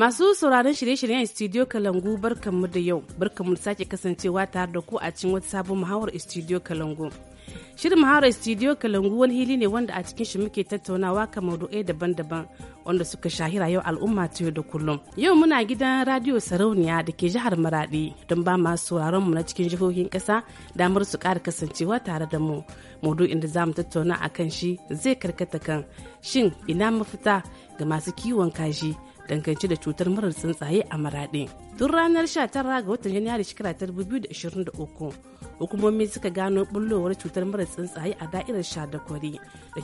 Masu sauraron shirye-shiryen Studio Kalangu barkanmu da yau, barkanmu da sake kasancewa tare da ku a cikin wata sabon muhawar Studio Kalangu. Shirin muhawar Studio Kalangu wani hili ne wanda a cikin shi muke tattaunawa kan maudu'ai daban-daban wanda suka shahi yau al'umma ta yau da kullum. Yau muna gidan Radio Sarauniya da ke jihar Maradi don ba masu sauraron mu na cikin jihohin ƙasa damar su ƙara kasancewa tare da mu. Maudu'in da za mu tattauna a kan shi zai karkata kan shin ina mafita ga masu kiwon kaji. dangance da cutar murar tsuntsaye a maraɗe. Tun ranar 19 ga watan Janairu shekara ta 2023 hukumomi suka gano bullowar cutar murar tsuntsaye a da'irar sha da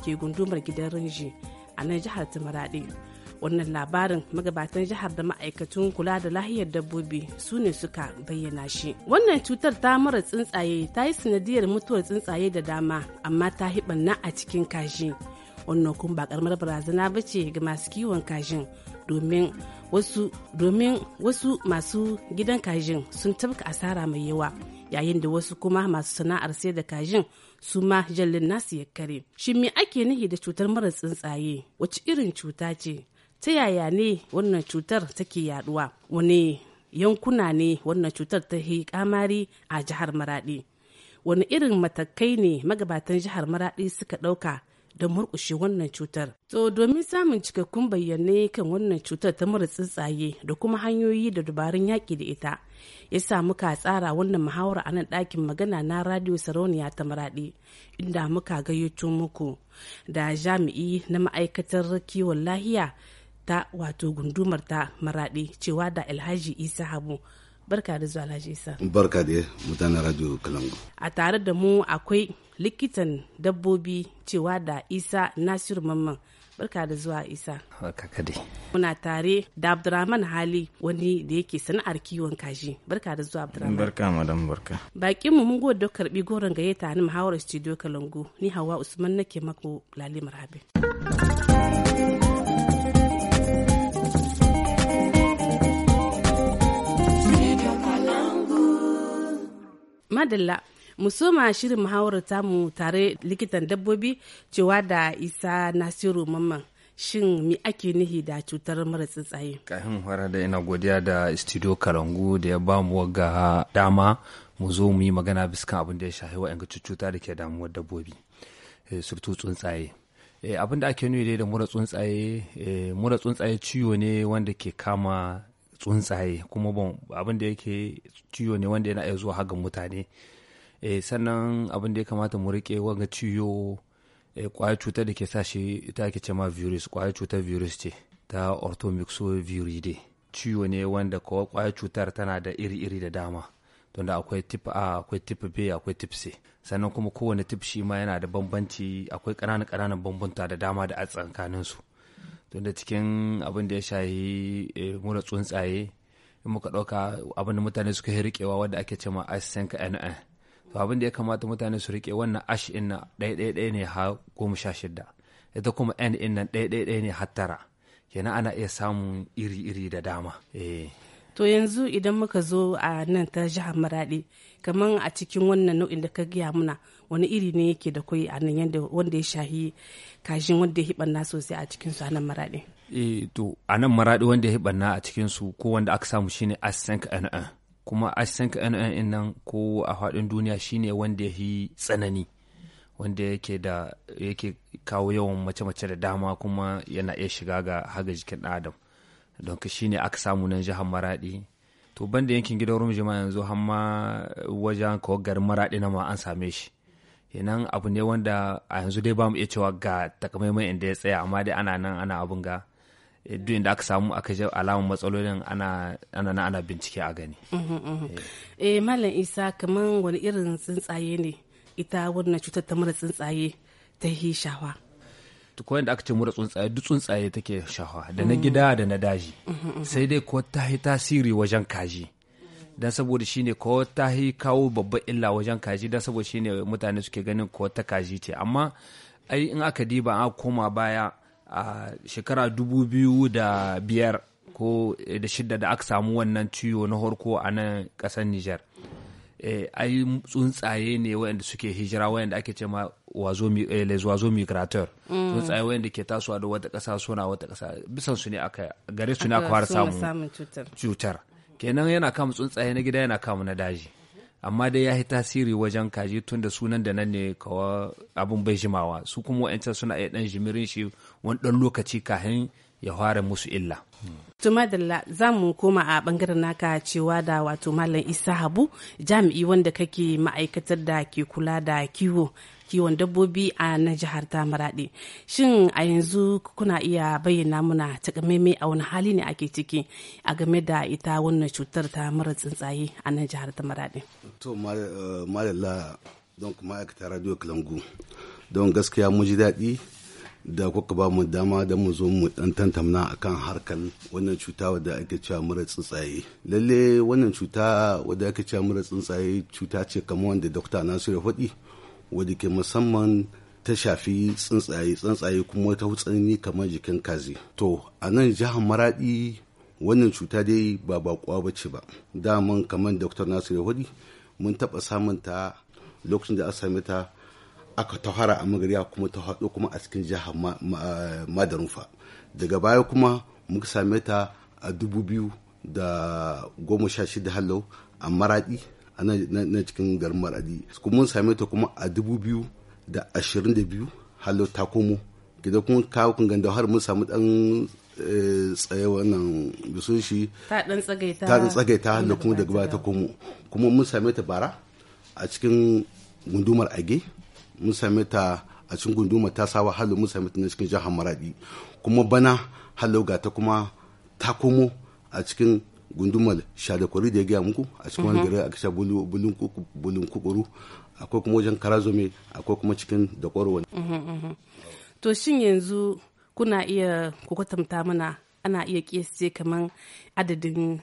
ke gundumar gidan Rinji a nan jihar ta maraɗe. Wannan labarin magabatan jihar da ma'aikatun kula da lahiyar dabbobi su ne suka bayyana shi. Wannan cutar ta mara tsuntsaye ta yi sanadiyar mutuwar tsuntsaye da dama amma ta hiɓanna a cikin kaji. Wannan kuma ba karamar barazana ba ce ga masu kiwon kajin. domin wasu masu gidan kajin sun tabka asara mai yawa yayin da wasu kuma masu sana'ar sai da kajin su ma jallin nasu ya kare shi me ake nihi da cutar mara tsuntsaye wace irin cuta ce ta yaya ne wannan cutar take yaduwa wani yankuna ne wannan cutar ta yi kamari a jihar maradi wani irin matakai ne magabatan jihar maradi suka ɗauka. da murkushe wannan cutar. To domin samun cikakkun bayyane kan wannan cutar ta mura tsuntsaye da kuma hanyoyi da dabarun yaƙi da ita. Ya sa muka tsara wannan muhawara a nan ɗakin magana na Radio Sarauniya ta Maraɗi inda muka gayyato muku da jami'i na ma'aikatar kiwon lahiya ta wato gundumar ta Maraɗi cewa da Alhaji Isa Habu. Barka da zuwa Alhaji Isa. Barka da mutanen Radio Kalangu. A tare da mu akwai likitan dabbobi cewa da isa nasiru mamman barka da zuwa isa muna tare da abdurrahman hali wani da yake sana'ar kiwon kaji barka da zuwa abdurrahman barka madam barka bakin mu mun gode karbi goron gayyata ni muhawarar studio kalangu ni hawa usman nake mako lali marhabin madalla mu soma shirin muhawarar tamu tare likitan dabbobi cewa da isa nasiru mamman shin mi ake nihi da cutar mara tsuntsaye kafin fara da ina godiya da studio kalangu da ya bamu waga dama mu zo mu yi magana biskan abin da ya shafi wa'yan cututtuka da ke damuwar dabbobi eh, surtu tsuntsaye eh, abin da ake nuni da mura tsuntsaye eh, mura tsuntsaye ciwo ne wanda ke kama tsuntsaye kuma abin da yake ciwo ne wanda yana iya zuwa haga mutane Eh, sannan abin da ya kamata mu rike wanga ciyo kwayar eh, cutar da ke sa shi ita ake cema virus kwayar cutar virus ce ta orthomyxoviridae ciwo ne wanda kowa kwayar cutar tana da iri-iri da dama tunda akwai tip a akwai tip b akwai tip c sannan kuma kowane tip shi ma yana da bambanci akwai ƙananan ƙananan bambanta da dama da a tsakanin su tunda cikin abin da ya shahi eh, mura tsuntsaye in muka ɗauka abin da mutane suka yi riƙewa wanda ake cema ma n to abin da ya kamata mutane su rike wannan ash in na ɗaya ɗaya ne ha goma sha shida ita kuma n in nan ɗaya ɗaya ne har tara kenan ana iya samun iri iri da dama eh. to yanzu idan muka zo a nan ta jihar maradi kamar a cikin wannan nau'in da ka gaya muna wani iri ne yake da kai a nan yadda wanda ya shahi kashin wanda ya hibanna sosai a cikin su a nan maraɗi. eh to a nan maraɗi wanda ya hibanna a cikin su ko wanda aka samu shine asenk nn kuma HCN eh, eh, nan ko a faɗin duniya shine wanda ya yi tsanani wanda yake da yake kawo yawan mace-mace da dama kuma yana iya shiga ga haga jikin adam don ka shine aka samu nan jihar maraɗi to banda yankin gidan rumji ma yanzu hamma wajen kawo garin maraɗi na ma an same shi yanan abu ne wanda a yanzu dai bamu iya cewa ga takamaiman inda ya tsaya amma dai ana nan ana abin ga Eh, duk inda aka samu aka ji alamun matsalolin ana na ana bincike a gani mhm, mhm. Eh. eh malam isa kaman wani irin tsuntsaye ne ita wannan cutar ta mura tsuntsaye ta yi shawa ko da aka ce mura tsuntsaye duk tsuntsaye take shawa da na mhm. gida da na daji sai dai ko ta yi tasiri wajen kaji dan saboda shine ko ta yi kawo babban illa wajen kaji dan saboda shine mutane suke ganin ko ta kaji ce amma ai in aka diba an koma baya a shekara dubu biyu da biyar ko da shidda da aka samu wannan ciwo na horko a nan kasar Nijar. E, ai tsuntsaye ne waɗanda suke hijira waɗanda ake ce ma wazo eh, migrator mm. tsuntsaye waɗanda ke tasowa da wata ƙasa suna wata ƙasa bisan su ne aka gare su ne aka fara samun cutar kenan yana kama tsuntsaye na gida yana kama na daji amma dai ya yi tasiri wajen kaji tun da sunan da nan ne kawo abin bai jimawa su kuma wa'ancan suna iya dan jimirin shi wani dan lokaci kahin ya fara musu illa. madalla za mu koma a bangaren naka cewa da wato Malam Isa Habu jami'i wanda kake ma'aikatar da ke kula da kiwo kiwon dabbobi a na jihar ta shin a yanzu kuna iya bayyana muna takamaimai a wani hali ne ake ciki a game da ita wannan cutar ta mara tsuntsaye a nan jihar ta to malala eh, don kuma aikata radio kalangu don gaskiya muji ji daɗi da kuka ba mu dama da mu zo mu dan tantamna akan harkar wannan cuta wadda ake cewa mura tsuntsaye lalle wannan cuta wadda ake cewa mura tsuntsaye cuta ce kamar wanda dokta nasiru faɗi wadda ke musamman ta shafi tsuntsaye tsuntsaye kuma ta hutsani kamar jikin kazi to a nan jihar maradi wannan cuta dai ba bakuwa ba ce ba daman kamar dr nasiru hudi mun taɓa samun ta lokacin da aka same ta aka tahara a magariya kuma ta haɗo kuma a cikin jihar madarufa daga baya kuma muka same ta a dubu biyu da goma sha shida a maraɗi a na cikin garin maradi kuma mun same ta kuma a dubu biyu da ashirin da biyu halo ta komo gida kuma kawo kun ganda har mun samu dan eh, tsaye wannan bisun shi ta dan tsagaita da kuma daga baya ta komo kuma mun same ta bara a cikin gundumar age mun same ta a cikin gundumar ta sawa halo mun same ta na cikin jihar maradi kuma bana halo ga ta kuma ta komo a cikin gundumar shadakwari da ya gaya muku a cikin wani mhm. gari a kashe bulun kukuru akwai kuma wajen karazome akwai kuma cikin da wani. Mhm, mhm. to shin yanzu kuna iya ku kwatanta mana ana iya kese kamar adadin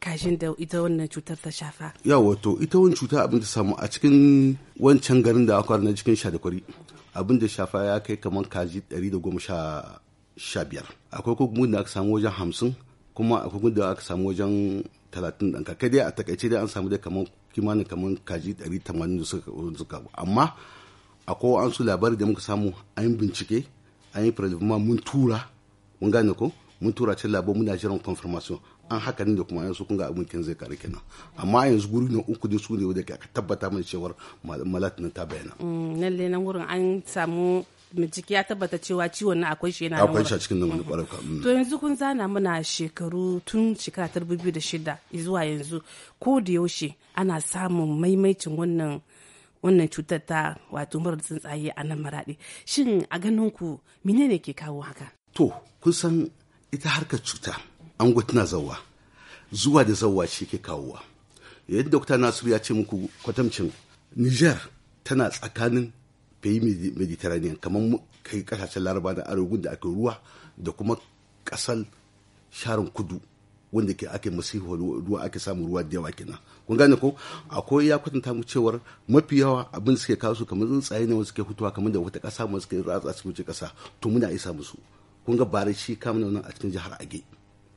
kashin da ita wannan cutar ta shafa. Ya wato ita wani cuta abin da samu a cikin wancan garin da aka na cikin shadakwari abin da shafa ya kai kamar kaji 115. Akwai kuma da aka samu wajen hamsin kuma akwai da aka samu wajen talatin ɗan kai dai a takaice dai an samu dai kamar kimanin kamar kaji ɗari tamanin da suka suka amma akwai an su labari da muka samu an yi bincike an yi prelevement mun tura mun gane ko mun tura cin labo muna jiran confirmation an haka ne da kuma yanzu kun ga abin zai kare kenan amma yanzu guri na uku da su ne wadda ka tabbata mana cewar malatin ta bayyana mm, lalle nan wurin an samu bincike ya tabbata cewa ciwon na akwai shi yana akwai shi a cikin nan wani mm. to yanzu kun zana muna shekaru tun shekara ta biyu da shida zuwa yanzu ko da yaushe ana samun maimaicin wannan wannan cutar ta wato murar tsuntsaye a nan maraɗi shin a ganin ku menene ke kawo haka to kun san ita harkar cuta an tana zawa zuwa da zawa shi ke kawowa yadda dokta nasiru ya ce muku kwatamcin niger tana tsakanin fayi mediterranean kamar kai kasashen laraba da arewa da ake ruwa da kuma kasar sharin kudu wanda ke ake masihu ruwa ake samu ruwa da yawa kenan kun gane ko akwai ya kwatanta mu cewar mafi yawa abin suke kawo su kamar tsuntsaye ne wanda suke hutuwa kamar da wata kasa mu suke ratsa su wuce kasa to muna isa musu kun ga bare shi kamun nan a cikin jihar Age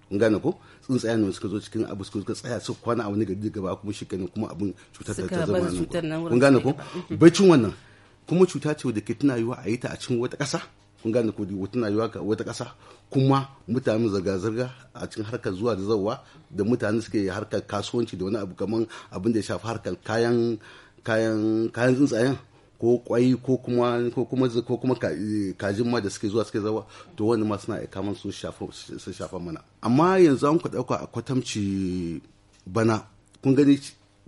kun gane ko tsuntsaye ne suka zo cikin abu suka tsaya su kwana a wani gari gaba kuma shi kenan kuma abin cutar ta zama nan kun gane ko bacin wannan kuma cuta ce da ke tana yiwa a yi ta a cikin wata ƙasa kun gane ko tana yiwa ga wata ƙasa kuma mutane zirga-zirga a cikin harkar zuwa da zauwa da mutane suke harkar kasuwanci da wani abu kamar abin da ya shafi harkar kayan kayan kayan tsuntsayen ko kwai ko kuma ko kuma ko kuma kajin ma da suke zuwa suke zawa to wani ma suna aika man su shafa mana amma yanzu an ku dauka a kwatamci bana kun gani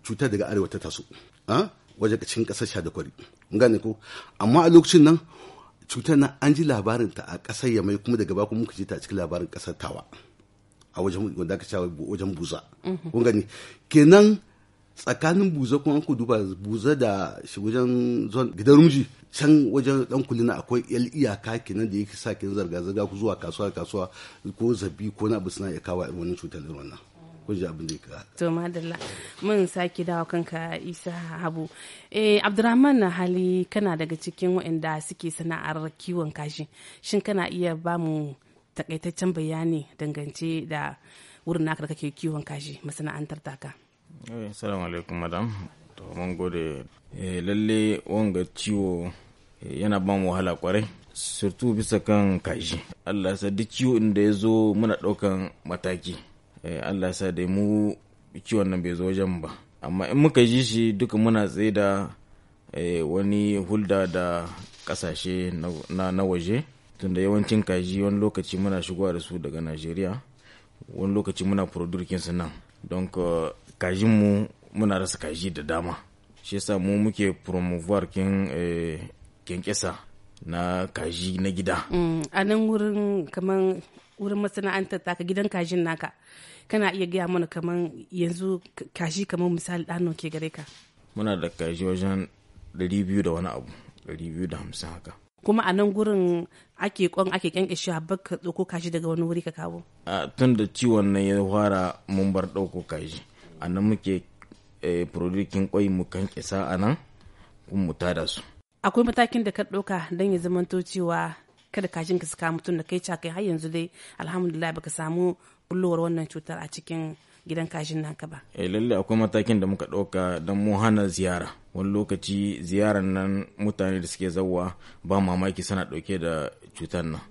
cutar daga arewa ta taso a ah, wajen cikin kasar sha da kwari gane ko amma a lokacin nan cutar nan an ji labarin ta a ƙasar yamai kuma daga ba muka ji ta a cikin labarin ƙasar tawa a wajen wanda aka cewa wajen buza mhm. kun gani kenan tsakanin buza kuma an ku duba buza da shi wajen zon gidan rumji can wajen dan kulina akwai yal iyaka kenan da yake sa kin zarga zarga ku zuwa kasuwa kasuwa ko zabi ko na abu suna iya kawo irin wannan cutar irin wannan kun abin da ka to madalla mun sake dawo kanka isa habu eh abdurrahman na hali kana daga cikin waɗanda suke sana'ar kiwon kashi shin kana iya ba mu takaitaccen bayani dangance da wurin naka da kake kiwon kashi masana'antar taka eh, assalamu alaikum madam to mun gode eh, lalle wanga ciwo eh, yana ba mu wahala kwarai surtu bisa kan kashi allah sa duk ciwo inda ya zo muna ɗaukan mataki Eh, allah sa dai mu ciwon nan bai zo wajen ba amma in muka ji shi duka muna tsaye da eh, wani hulda da kasashe na waje tunda yawancin kaji wani lokaci muna shigowa da su daga najeriya wani lokaci muna su nan don mu muna rasa kaji da dama shi yasa mu muke promouvoir kin eh, kyankyasa na kaji na gida mm, a nan wurin kamar wurin masana'antar taka gidan kajin naka kana iya gaya mana kamar yanzu kashi kamar misali ɗano ke gare ka muna da kashi wajen ɗari biyu da wani abu ɗari biyu da hamsin haka kuma a nan gurin ake kwan ake kyankyashi a baka ɗauko kashi daga wani wuri ka kawo a tun da ciwon nan ya fara mun bar ɗauko kashi a nan muke eh, produkin kwai mu kisa a nan kuma mu tada su akwai matakin da ka ɗauka don ya zamanto cewa kada kashin ka su kamutun da kai ca kai har yanzu dai alhamdulillah baka samu bullowar wannan cutar a cikin gidan kashin naka ba. Eh lalle akwai matakin da muka ɗauka don mu hana ziyara. Wani lokaci ziyarar nan mutane da suke zawa ba mamaki suna ɗauke da cutar nan.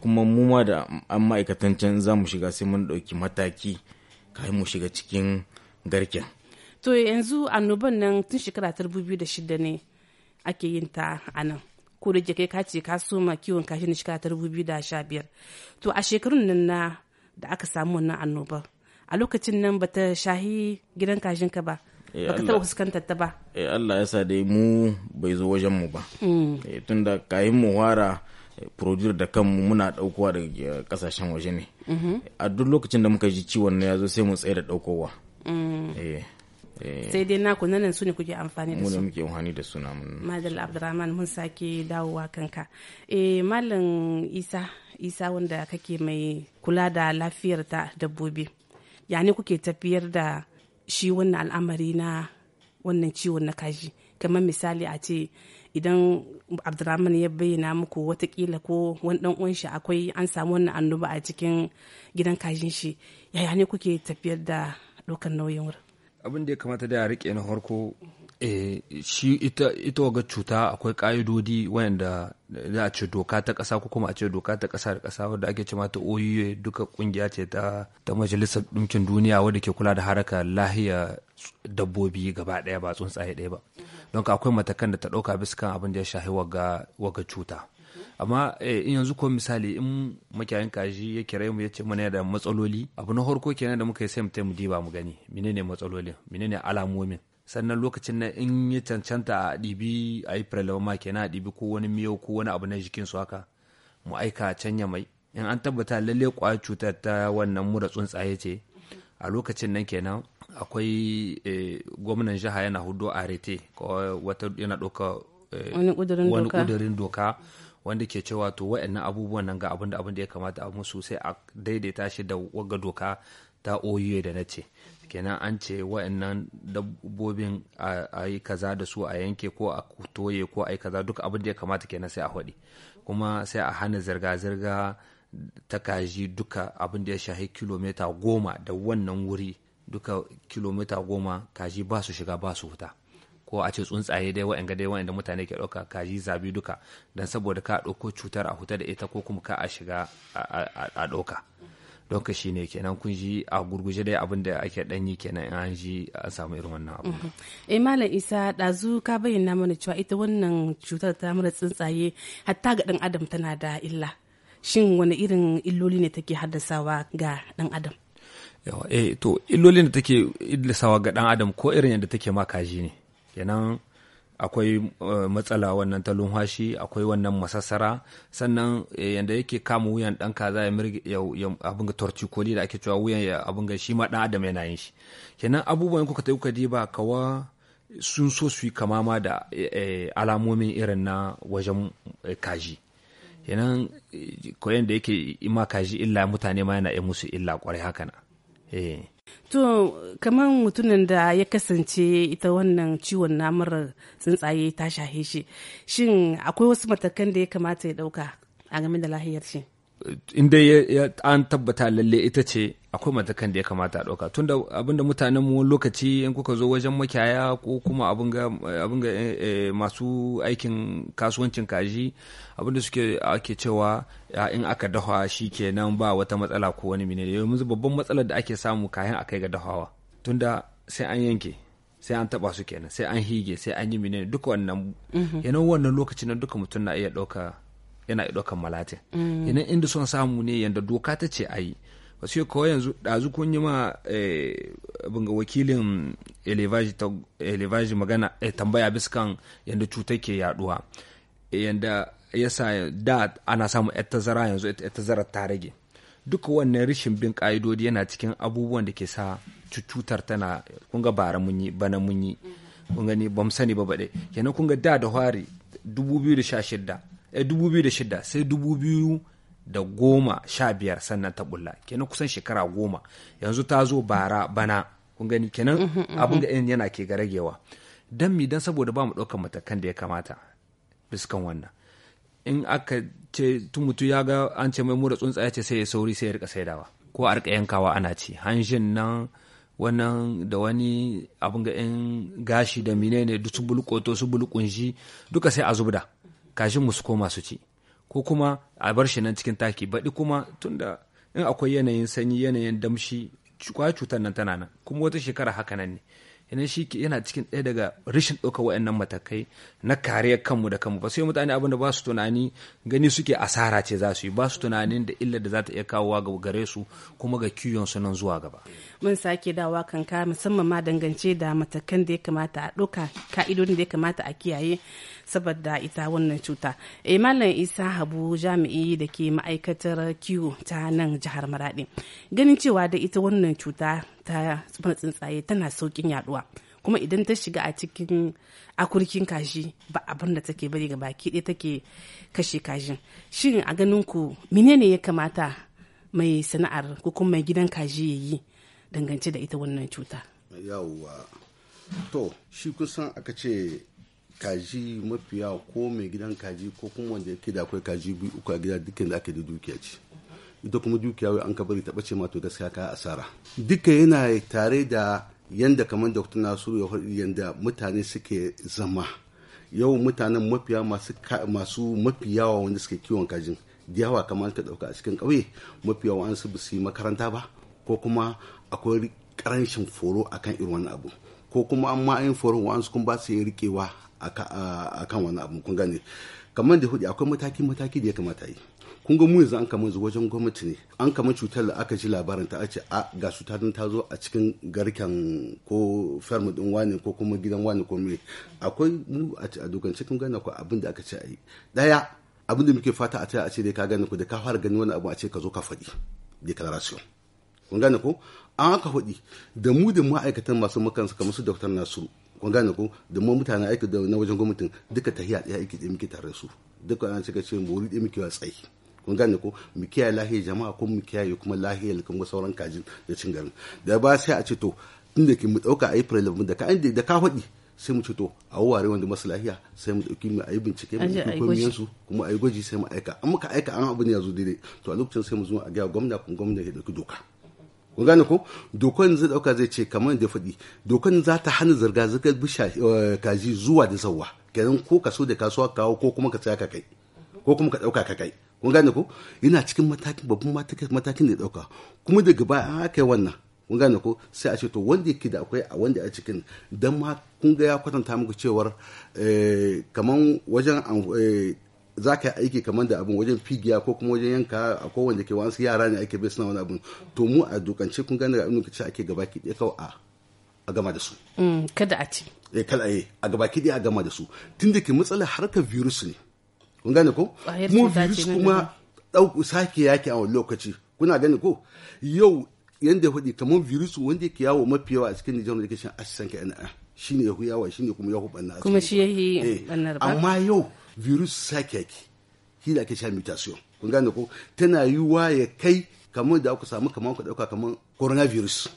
Kuma mu ma da an ma'aikatan can za mu shiga sai mun ɗauki mataki kafin mu shiga cikin garken. To yanzu annoban nan tun shekara ta shida ne ake yin ta a nan. Ko da kai ka ce ka soma kiwon kashi na shekara ta biyar To a shekarun nan na da aka samu wannan annobar a lokacin nan ba ta shahi gidan ka ba eh, ba ka taɓa fuskantar ta ba eh Allah ya sa dai mu bai zo wajen mm. eh, mu ba tunda kayan mu wara eh, producer da kanmu muna daukowa daga kasashen waje ne mm-hmm. a duk lokacin da muka ji ciwon na ya zo sai mu tsaye da daukowa mm. sai dai naku nan su ne kuke amfani da su mu muke amfani da su mun madal abdurrahman mun sake dawowa kanka eh malam isa isa wanda kake mai kula da lafiyar ta dabbobi ya ne kuke tafiyar da shi wannan al'amari na wannan ciwon na kaji kamar misali a ce idan abdulrahman ya bayyana muku watakila ko wani dan uwan akwai an samu wannan annoba a cikin gidan kajin shi yaya ne kuke tafiyar da dokan nauyin wurin abin da ya kamata da ya rike na farko eh, shi ita, ita waga cuta akwai ka'idodi wayanda za a ce doka ta ƙasa ko kuma a ce doka ta ƙasa da ƙasa wadda ake ce ta oyu duka kungiya ce ta, ta majalisar ɗinkin duniya wadda ke kula da haraka lahiya dabbobi gaba ɗaya ba tsuntsaye ɗaya ba don akwai matakan da ta ɗauka bisa kan abin da ya shahi waga, cuta amma eh, in yanzu ko misali in makiyayin kaji ya kira mu ya ce mana da matsaloli abu na harko kenan da muka yi sai mu diba mu gani menene matsalolin menene alamomin sannan lokacin na in ya cancanta a ɗibi a yi ma kenan a ɗibi ko wani miyau ko wani abu na su haka mu aika ya mai in an tabbata lalle kwayar cutar ta wannan mura tsuntsaye ce a lokacin nan kenan akwai eh, gwamnan jiha yana a arete wata yana eh, doka wani kudurin doka wanda ke cewa to wa'annan abubuwan nan ga abin da abin da ya kamata a musu sai a daidaita shi da wagga doka ta oyoye da na ce kenan an ce wa'annan dabbobin a yi kaza da su a yanke ko a toye ko a yi kaza duk abin da ya kamata kenan sai a faɗi kuma sai a hana zirga-zirga ta kaji duka abin da ya shahi kilomita goma da wannan wuri duka kilomita goma kaji ba su shiga ba su fita ko a ce tsuntsaye dai wa'anga dai wa'anda mutane ke ɗauka kaji zabi duka don saboda ka ɗauko cutar a huta da ita ko kuma ka a shiga a ɗauka. lokaci ne kenan kun ji a gurguje dai abin da ake yi kenan in an ji a samu irin wannan abu mm-hmm. eh malam isa dazu ka bayyana mana cewa ita wannan cutar ta mura tsuntsaye hatta ga dan adam tana da illa shin wani irin illoli ne take haddasawa ga dan adam yawa eh to illolin da take haddasawa ga dan adam ko irin yadda take makaji ne kenan akwai eh, matsala wannan ta lumhashi akwai wannan masassara sannan eh, yadda yake kama wuyan ɗan kaza ya abin ga da ake cewa wuyan ya abin ga shi ma ɗan adam yana yin shi kenan abubuwan ka tafi kuka diba kawa sun so su yi kama ma da eh, alamomin irin na wajen kaji kenan koyan da yake ima kaji illa mutane ma yana yi musu illa kwarai haka na eh To, kamar mutumin da ya kasance ita wannan ciwon namar tsuntsaye ta shahe shi, shin akwai wasu matakan da ya kamata ya ɗauka a game da lahiyar shi? in dai ya an tabbata lalle ita ce akwai matakan da ya kamata a ɗauka tunda abinda mutanen mu lokaci in kuka zo wajen makiyaya ko kuma abin ga eh, eh, masu aikin kasuwancin kaji abinda suke ake cewa in aka dahawa shi kenan ba wata matsala ko wani mine. yanzu babban matsalar da ake samu kayan akai ga dahawa tunda sai an yanke sai an taba su kenan sai an hige sai an yi mine duka wannan mm-hmm. yanan wannan lokaci na duka mutum na iya ɗauka yana iya ɗaukan malatin idan mm. inda son samu ne yadda doka ta ce a yi wasu kawai yanzu ɗazu kun yi ma eh, bunga wakilin elevaji magana eh, tambaya biskan yadda cutar ke yaduwa yadda yasa da ana samu yar tazara yanzu yar tazara ta rage duka wannan rashin bin ka'idodi yana cikin abubuwan da ke sa cutar tana kunga bara mun bana mun yi mm-hmm. kun gani ba sani ba kenan kun ga da da hwari 2016 2006 eh, sai 2015 sannan ta bulla kenan kusan shekara goma yanzu ta zo bara bana kun gani kenan mm-hmm, mm-hmm. abin da yana ke ga ragewa dan mi dan saboda ba mu ɗaukar matakan da ya kamata biskan wannan in aka ce tun mutu ya ga an ce mai mura tsuntsaye ce sai ya sauri sai ya rika saidawa ko a rika yankawa ana ci hanjin nan wannan da wani abin ga yan gashi da minene duk su bulkoto su bulkunshi duka sai a zubda kashin musu koma su ci ko kuma a bar shi nan cikin taki baɗi kuma tunda in akwai yanayin sanyi yanayin damshi kwa cutar nan tana nan kuma wata shekara haka nan ne yana shi yana cikin ɗaya daga rashin ɗaukar waɗannan matakai na kariyar kanmu da kanmu ba sai mutane abin da ba su tunani gani suke asara ce za su yi ba su tunanin da illar da za ta iya kawowa ga gare su kuma ga kiyon su nan zuwa gaba. mun sake dawa kanka musamman ma dangance da matakan da ya kamata a ɗauka ka'idodin da ya kamata a kiyaye saboda ita wannan cuta eh, malam isa habu jami'i da ke ma'aikatar kiwo ta nan jihar maraɗi ganin cewa da ita wannan cuta ta tsuntsaye tana saukin yaduwa kuma idan ta shiga a cikin akurkin kashi ba abin da take bari ga baki ɗaya take kashe kashin shin a ganin ku menene ya kamata mai sana'ar ko kuma mai gidan kaji ya yi dangance da ita wannan cuta yawwa to shi kusan aka ce kaji mafiya ko mai gidan kaji ko kuma wanda yake da akwai kaji biyu uku a gida dukkan da ake da dukiya ce ita kuma dukiya wai an ka bari ta bace ma to gaskiya ka asara duka yana tare da yanda kamar dr nasiru ya faɗi yanda mutane suke zama yau mutanen mafiya masu mafiyawa wanda suke kiwon kajin da yawa kamar ka dauka a cikin ƙauye mafiyawa an su yi makaranta ba ko kuma akwai ƙarancin foro akan irin wani abu ko kuma an ma foron foro wa'ansu kun ba su yi rikewa. a kan wani abu kun gane kamar da hudu akwai mataki mataki da ya kamata yi kun ga mu yanzu an kama wajen gwamnati ne an kama cutar da aka ji labarin ta ce a ga cutar ta zo a cikin garken ko ferm din wani ko kuma gidan wani ko mai akwai mu a dokance kun gane akwai abin da aka ce a yi daya abin da muke fata a taya a ce dai ka gane ku da ka fara gani wani abu a ce ka zo ka faɗi declaration kun gane ko an aka faɗi da mu da ma'aikatan masu makansu kamar su dr nasiru kun gane ko da mu mutanen aiki da na wajen gwamnatin duka tahiya ɗaya aiki da muke tare da su duka an cika ce mu ɗaya muke tsayi kun gane ko mu kiyaye lahiyar jama'a ko mu kiyaye kuma lahiyar kuma sauran kajin da cin garin da ba sai a ce to tun da mu ɗauka a yi da ka da ka faɗi sai mu ce to a wurare wanda masu sai mu ɗauki mu a bincike mu yi komiyan su kuma ayi goji gwaji sai mu aika an muka aika an abu ne dai daidai to a lokacin sai mu zo a ga gwamna kun gwamna ya dauki doka kun gane ko dokan zai dauka zai ce kamar da faɗi dokan za ta hana zirga zirga bisha eh, kaji zuwa da sauwa kenan ko ka so da kasuwa kawo ko kuma ka tsaya ka kai ko kuma ka dauka ka kai kun gane ko ina cikin matakin babban matakin da dauka kuma daga baya an kai wannan kun gane ko sai a ce to wanda yake da akwai a wanda a cikin dan ma kun ga ya kwatanta muku cewar eh, kamar wajen eh, za ka yi aiki kamar da abin wajen figiya ko kuma wajen yanka a da ke wasu yara ne ake bai suna wani abin to mu a dokance kun gane da abin lokaci ake gabaki ɗaya kawai a gama da su. Mm, kada a ci. e kala eh a gabaki ɗaya a gama da su tun da ke matsalar harkar virus ne kun gane ko. mu virus kuma ɗauku sake yaki a wani lokaci kuna gane ko yau yanda faɗi kamar virus wanda ke yawo mafi yawa a cikin nijar da ke shan asisan ka yana ne ya yawa ne kuma ya hubanna kuma shi ya yi eh, ba amma yau virus sake yake shi da ake cewa mutation kun gane ko tana wa ya kai kamar da aka samu kamar ka dauka kamar coronavirus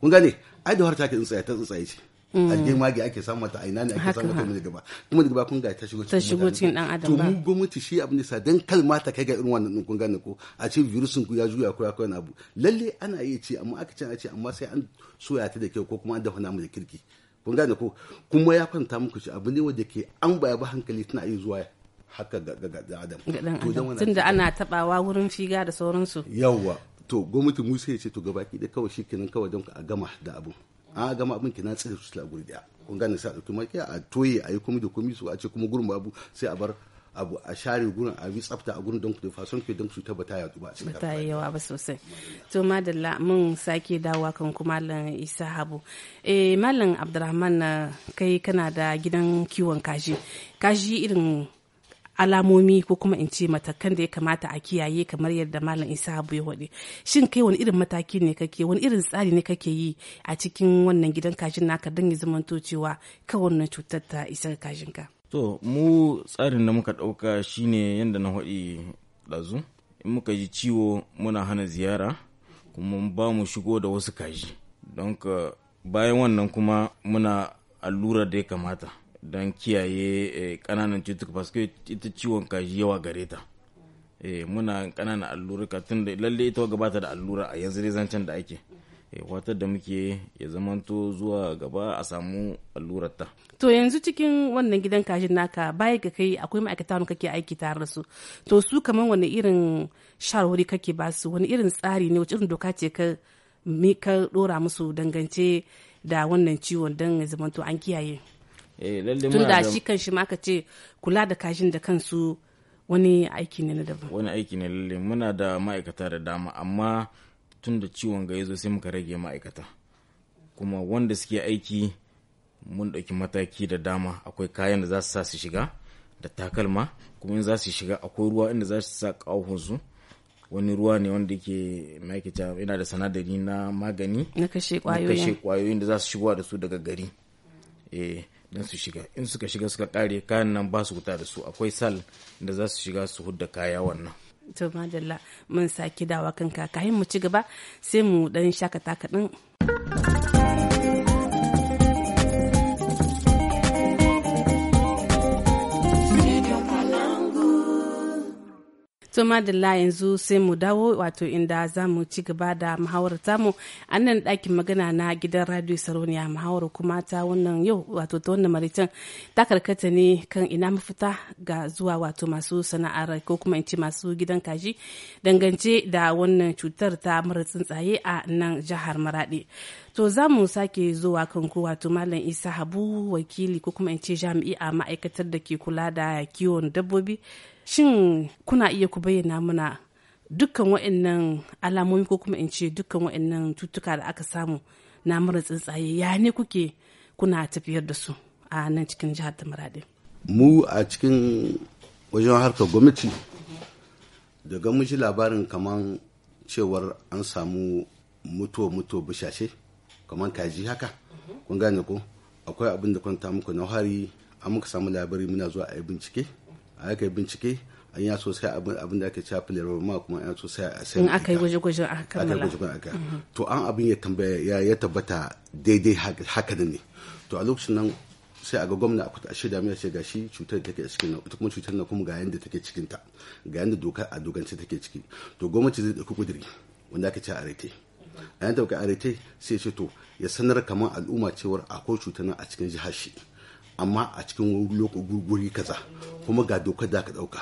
kun gane ai da harta ke tsaya ta tsaya ce mm. a cikin magi ake samu mata aina ne ake samu mata daga gaba kuma daga kun ga ta shigo cikin ta shigo cikin dan adam to mu gwamnati shi abin sa dan kalma ta kai ga irin wannan kun gane ko a ce virusin ku ya juya ko ya kai na abu lalle ana yi ce amma aka ce a ce amma sai an soya ta da kyau ko kuma an dafa namu da kirki kun gane ko kuma ya kwanta muku shi abu ne wanda ke an baya ba hankali tana iya zuwa haka ga ga adam tun da ana tabawa wurin figa da sauransu yawwa to gwamnati musa ya ce to gabaki da kawai shi kenan kawai don a gama da abu an gama abin kenan tsire su ta guri daya kun gane sa dauki maki a toye a yi komi da komi su a ce kuma gurin babu sai a bar abu a share gurin a bi tsafta a gurin don ku dafa son ku don ku tabbata ya ba cikin ta yawa ba sosai to madalla mun sake dawowa kan kuma mallam Isa Habu eh mallam Abdurrahman kai kana da gidan kiwon kaji kaji irin alamomi ko kuma in ce matakan da ya kamata a kiyaye kamar yadda malam isa Habu ya wadi shin kai wani irin mataki ne kake wani irin tsari ne kake yi a cikin wannan gidan kajin naka don ya zamanto cewa ka wannan cutar ta isar ka. to mu tsarin da muka ɗauka shine yadda na haɗi ɗazu in muka ji ciwo muna hana ziyara kuma ba mu shigo da wasu kaji don ka bayan wannan kuma muna allura da ya kamata don kiyaye eh, ƙananan cutuka paske ita ciwon kaji yawa gare ta eh, muna ƙananan allura tun da lalle ita gabata da allura a yanzu dai zancen da ake watar eh, da muke ya zamanto zuwa gaba a samu allurar ta. To yanzu cikin wannan gidan kashin naka baya ga kai akwai ma'aikata wani kake aiki tare da su. To su kamar wani irin shawarwari kake ba su wani irin tsari ne wacce irin doka ce ka mi ka dora musu dangance da wannan ciwon don ya zamanto an kiyaye. Eh, Tun da shi kan shi ma ce kula da kashin da kansu wani aiki ne na daban. Wani aiki ne lalle muna da ma'aikata da dama amma tun da ciwon ga zo sai muka rage ma'aikata kuma wanda suke aiki mun ɗauki mataki da dama akwai kayan da za su sa su shiga da takalma kuma in za su shiga akwai ruwa inda za su sa ƙahunsu wani ruwa ne wanda yake ma'aikata yana da sanadari na magani na kashe kwayoyin da za su shigowa da su daga gari eh don su shiga in suka shiga suka kare kayan nan ba su wuta da su akwai sal da za su shiga su hudda kaya wannan to majalla mun saki dawa kan kakahin mu ci gaba sai mu dan shakata kaɗan. to madalla yanzu sai mu dawo wato inda za mu ci gaba da muhawarar mu a nan ɗakin magana na gidan radio saroniya muhawarar kuma ta wannan yau wato ta wannan maritan ta karkata ne kan ina mafita ga zuwa wato masu sana'ar ko kuma in ce masu gidan kaji dangance da wannan cutar ta mara tsuntsaye a nan jihar maraɗi to za mu sake zuwa kan ku wato malam isa habu wakili ko kuma in ce jami'i a ma'aikatar da ke kula da kiwon dabbobi shin kuna iya ku bayyana mana dukkan wa'annan alamomi ko kuma in ce dukkan wa'annan cutuka da aka samu na mura tsuntsaye ya ne kuke kuna tafiyar da su a nan cikin jihar ta maradi mu a cikin wajen harkar gwamnati daga mun shi labarin kaman cewar an samu mutuwa mutuwa bishashe kaman kaji haka kun gane ko akwai abin da kwanta muku na hari an muka samu labari muna zuwa a yi bincike aka yi bincike an ya so sai abin da aka cewa ma kuma an so sai a sai aka yi gwaje-gwaje a kammala mm-hmm. aka yi aka to an abin ya tambaya ya tabbata daidai haka ne to a lokacin nan sai a ga gwamna a kuta shida mai ce gashi cutar take a cikin ita kuma cutar na kuma ga yanda take cikin ta ga yanda doka a dogance take ciki to gwamnati zai dauki kudiri wanda aka ce a rete a yanda ka arete sai ce to ya sanar kamar al'umma cewar akwai cutar a cikin jihar shi amma a cikin gurguri kaza kuma ga dokar da ka dauka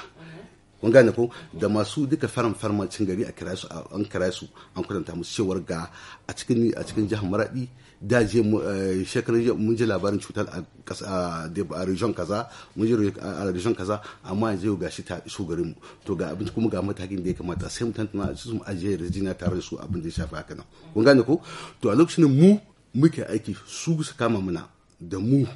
kun gane ko da masu duka faran farmacin gari a kira su an kira su an kwatanta musu cewar ga a cikin a cikin jihar maradi da je eh, shekarun jiya mun ji labarin cutar a region kaza mun ji a region kaza amma yanzu ga shi ta iso garin mu to ga abinci kuma ga matakin da ya kamata sai mutan tana su mu ajiye rijina tare da su abin da ya shafi haka nan kun gane ko to a lokacin mu muke aiki su su kama muna da mu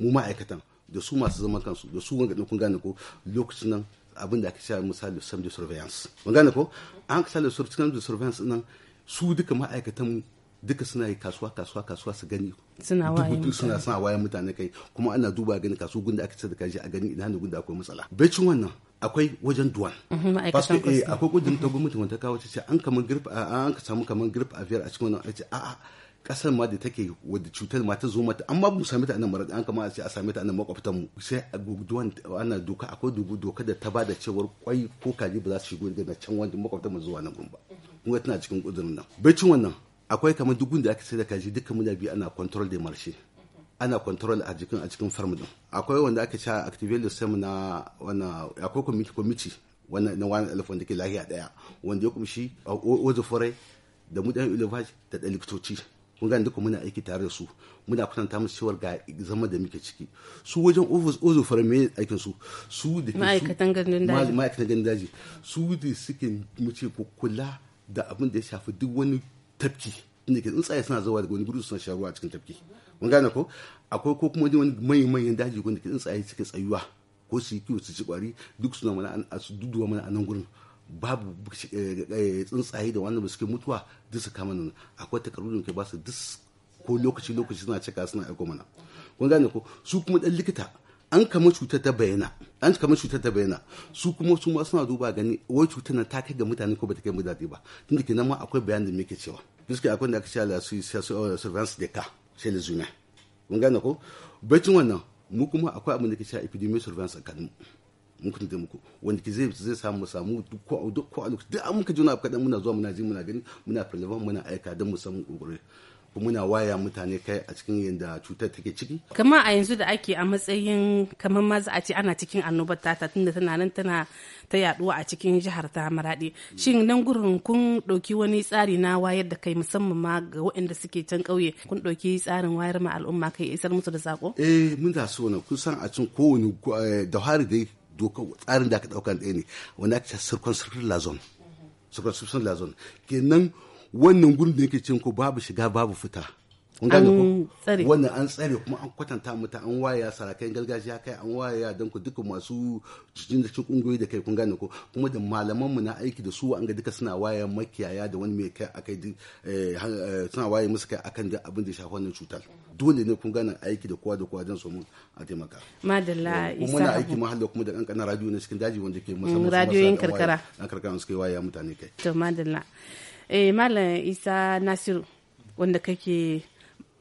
mu ma'aikatan da su masu zaman kansu da su wanga kun gane ko lokacin nan abin da aka cewa misali sam de surveillance mun gane ko an ka sale sam de surveillance nan su duka ma'aikatan duka suna yi kasuwa kasuwa kasuwa su gani suna waye suna suna waye mutane kai kuma ana duba gani kasu gunda aka ce da kaji a gani idan gunda akwai matsala bacin wannan akwai wajen duwan mhm, paske eh, akwai kudin ta gwamnati wanda kawo ce an kaman a an ka samu kaman girf a biyar a cikin wannan a a kasar ma da take wadda cutar ma ta zo mata an babu sami ta anan mara an kama a ce a ta anan makwabtan mu sai a guduwan ana doka akwai dubu doka da ta da cewar kwai ko kaji ba za su shigo daga can wanda makwabtan mu zuwa nan gumba kuma tana cikin kudurin nan bacin wannan akwai kamar dugun da aka sai da kaji dukkan muna biyu ana control da marshe ana control a jikin a cikin farm din akwai wanda aka sha activate the same na wannan akwai committee committee wannan na wani alfon da ke lahiya daya wanda ya kumshi ozo fure da mutane ilofaj da dalikitoci kun gane duka muna aiki tare da su muna kwatanta musu cewar ga zama da muke ciki su wajen ozo fara mai aikin su su da ma'aikatan gandun daji ma'aikatan gandun daji su da suke muce ce ko kula da abin da ya shafi duk wani tafki inda ke tsaye suna zuwa daga wani gudu suna sha ruwa a cikin tafki mun gane ko akwai ko kuma wani manyan manyan daji wanda ke tsaye suke tsayuwa ko su yi kiwo su ci kwari duk suna mana a su duduwa mana a nan gurin babu eh, tsuntsaye da wanda suke mutuwa duk su kama nuna akwai takardu da muke ba su duk ko lokaci lokaci suna cika suna aiko mana kun gane ko su kuma dan likita an kama cutar ta bayyana an kama cutar ta bayyana su kuma su ma suna duba gani wai cutar nan ta kai ga mutane ko bata kai dadi ba tunda kenan ma akwai bayanin da muke cewa duk akwai da aka ce la surveillance de ka chez les humains kun gane ko bacin wannan mu kuma akwai abin da ke cewa epidemic surveillance a kanu muka tuntuɓe muku wanda ke zai zai samu samu duk ko duk ko duk an muka juna kaɗan muna zuwa muna ji muna gani muna firleban muna aika don mu samu ƙoƙari muna waya mutane kai a cikin yadda cutar take ciki. Kama a yanzu da ake a matsayin kamar ma za a ce ana cikin annobar ta tunda tana nan tana ta yaduwa a cikin jihar ta Maradi. Shin nan gurin kun ɗauki wani tsari na wayar da kai musamman ma ga waɗanda suke can ƙauye kun ɗauki tsarin wayar ma al'umma kai isar musu da sako? Eh mun da so na kun san a cin kowane eh, da hari dai dokar tsarin da aka ɗauka ɗaya ne wani aka ce circumscription lazon mhm. circumscription lazon kenan wannan gurin da yake cin ko babu shiga babu fita an tsare wannan an tsare kuma an kwatanta ta an waya sarakai gargajiya kai an waya don ku duka masu cikin da cikin kungiyoyi da kai kun gane ko kuma da malaman mu na aiki da su an ga duka suna waya makiyaya da wani mai kai akai eh, eh, suna waya musu kai akan da abin da shafi wannan cutar dole ne kun gane aiki da kowa da kowa don su mun a taimaka madalla eh, isa muna aiki mahalla kuma da kankanin radio na cikin daji wanda ke musamman mm, radiyoyin karkara an karkara suka waya mutane kai to madalla eh malam isa nasiru wanda kake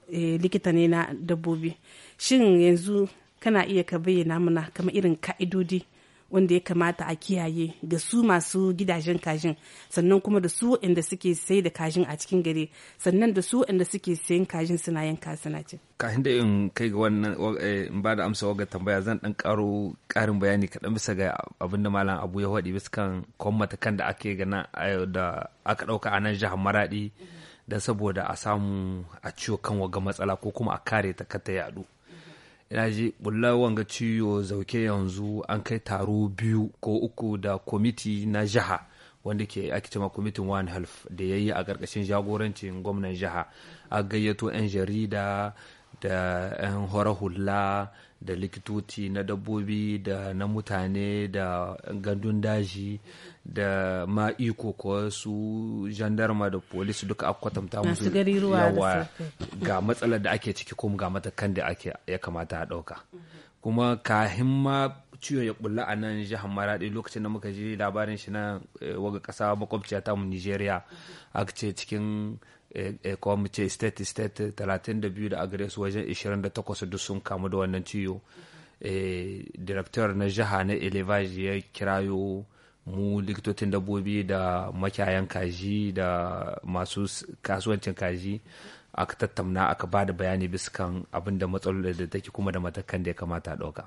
Eh, likita ne na dabbobi shin yanzu kana iya ka bayyana mana kamar irin ka'idodi wanda ya kamata a kiyaye ga su masu gidajen kajin sannan kuma da su inda suke sai da kajin a cikin gari sannan da su inda suke sayan kajin suna yanka suna ci. kafin da in kai ga wannan eh, in ba da amsa waga tambaya zan dan karo karin bayani kaɗan bisa ga abin da malam abu ya faɗi bisa kan kwan matakan da ake gana eh, da aka ɗauka a nan jihar maraɗi. don saboda a samu a ciwo kan waga matsala ko kuma a kare ta kata yaɗu ina ji bulla wanga ciwo zauke yanzu an kai taro biyu ko uku da kwamiti na jiha wanda ke ake cewa kwamitin one health da ya yi a ƙarƙashin jagorancin gwamnan jiha a gayyato 'yan jarida da 'yan hora hula da likitoci na dabbobi da na mutane da gandun daji da ma iko ko su jandarma da polisi duka a kwatanta musu yawa ga matsalar da ake ciki kuma ga matakan da ake ya kamata a ɗauka kuma kahin ma ciwo ya bulla a nan jihar maradi lokacin da muka ji labarin shi na eh, waga ƙasa makwabciya ta mu nigeria aka ce cikin eh, eh, ko state state 32 da agare wajen 28 duk sun kamu da wannan ciwo director na jiha na elevage ya kirayo mu likitocin dabbobi da makiyayan kaji da masu kasuwancin kaji aka tattauna aka ba da bayani biskan abin da matsalolin da take kuma da matakan da ya kamata ɗauka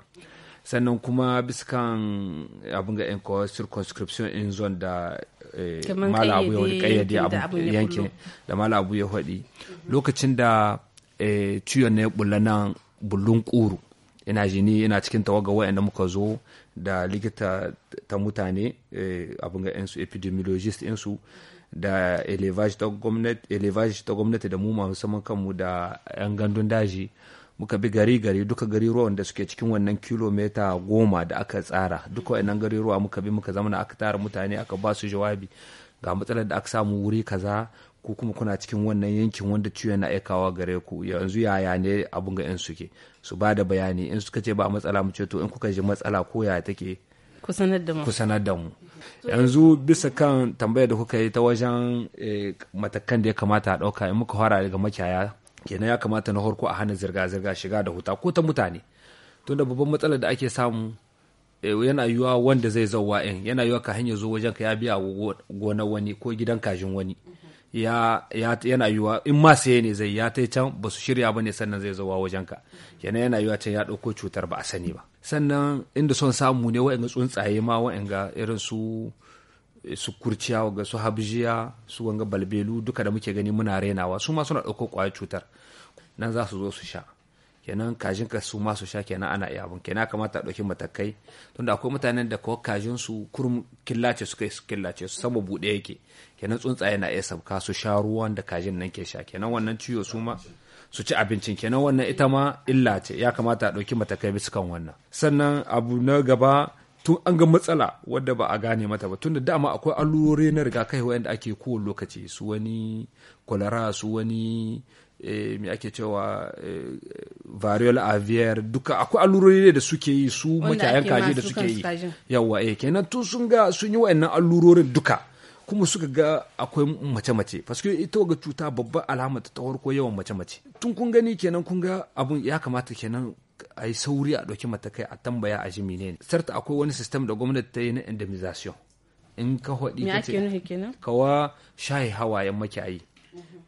sannan kuma biskan abin ga circumscription in zone da eh, mala abu ya wani kayyade yankin da mala abu ya haɗi lokacin da eh, ciwon na ya bulla nan bullun kuru ina jini ina cikin tawaga wa'anda muka zo da likita ta mutane eh, abin ga yansu epidemiologist yansu da elevage ta gwamnati da mu masu saman kanmu da 'yan gandun daji muka bi gari gari duka gari ruwa da suke cikin wannan kilomita goma da aka tsara duka wannan gari ruwa muka bi muka zama aka tara mutane aka ba su jawabi ga matsalar da aka samu wuri kaza ku kuma kuna cikin wannan yankin wanda ciwon na aikawa gare ku yanzu yaya ne abun ga 'yan suke su ba da bayani in suka ce ba matsala mu ce to in kuka ji matsala ko ya take ku sanar da mu yanzu bisa kan tambayar da kuka yi ta wajen eh, matakan da ya kamata a ɗauka in muka fara daga makiyaya kenan ya kamata na harko a hana zirga-zirga shiga da huta ko ta mutane tunda babban matsalar da ake samu eh, yana yiwuwa wanda zai zauwa in yana yiwuwa ka hanyar zo wajen ka ya biya gona wani ko gidan kajin wani ya, ya yana yiwa in ma sai ne zai ya tai can ba su shirya ba ne sannan zai zo wajen ka yana yana yiwa can ya ɗauko cutar ba a sani ba sannan inda son samu ne wa'in tsuntsaye ma wa'in irin su su kurciya ga su habjiya su wanga balbelu duka da muke gani muna rainawa su ma suna ɗauko ƙwayar cutar nan za su zo su sha kenan kajin ka su masu sha kenan ana iya abun kenan kamata a ɗauki matakai tunda akwai mutanen da kuwa kajin su kurum killace su kai su killace su sama buɗe yake kenan tsuntsaye na iya sabka su sha ruwan da kajin nan ke sha kenan wannan ciwo su ma su ci abincin kenan wannan ita ma illa ce ya kamata a ɗauki matakai bisa kan wannan sannan abu na gaba tun an ga matsala wadda ba a gane mata ba tunda dama akwai allurori na rigakafi wanda ake kowane lokaci su wani kwalara su wani Eh, me ake cewa eh, variola aviar duka akwai allurori da suke yi su makiyayan kaji da suke yi yawa eh kenan tun sun ga sun yi wa'annan allurorin duka kuma suka ga akwai mace-mace paske ita ga cuta babba alama ta farko yawan mace-mace tun kun gani kenan kun ga abun ya kamata kenan a yi sauri a ɗauki matakai a tambaya a jimi ne sarta akwai wani sistem da gwamnati ta yi na indemnisation in ka haɗi ka ce kawa shaye hawayen makiyayi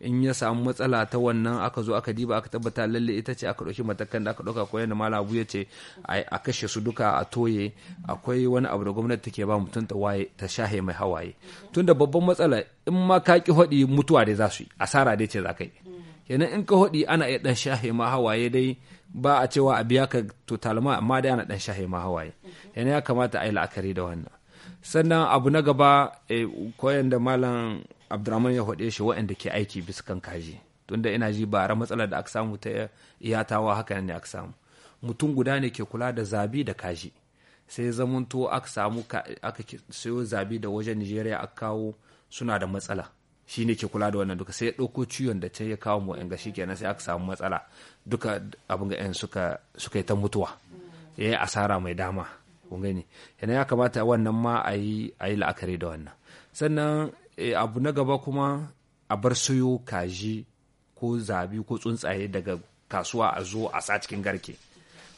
in ya samu matsala ta wannan aka zo aka diba aka tabbata lalle ita ce aka ɗauki matakan da aka ɗauka ko yadda malam abu ya ce a kashe su duka a toye akwai wani abu da gwamnati take ba mutum ta waye ta shahe mai hawaye tunda babban matsala in ma ka ki haɗi mutuwa dai za su yi asara dai ce za ka yi kenan in ka haɗi ana iya ɗan shahe ma hawaye dai ba a cewa a biya ka to talma amma dai ana ɗan shahe ma hawaye kenan ya kamata a yi la'akari da wannan sannan abu na gaba eh, koyan da malam abdulrahman ya faɗe shi waɗanda ke aiki bisa kan kaji tunda ina ji bara matsalar da aka samu ta iyatawa haka ne aka samu mutum guda ne ke kula da zabi da kaji sai zamanto aka samu aka sayo zabi da wajen nigeria aka kawo suna da matsala shi ne ke kula da wannan duka sai ya ɗauko ciwon da can ya kawo mu yan gashi kenan sai aka samu matsala duka abin ga yan suka yi ta mutuwa ya yi asara mai dama kun gani yana ya kamata wannan ma a yi la'akari da wannan sannan Eh, abu na gaba kuma a bar sayo kaji ko zabi ko tsuntsaye daga kasuwa a zo a sa cikin garke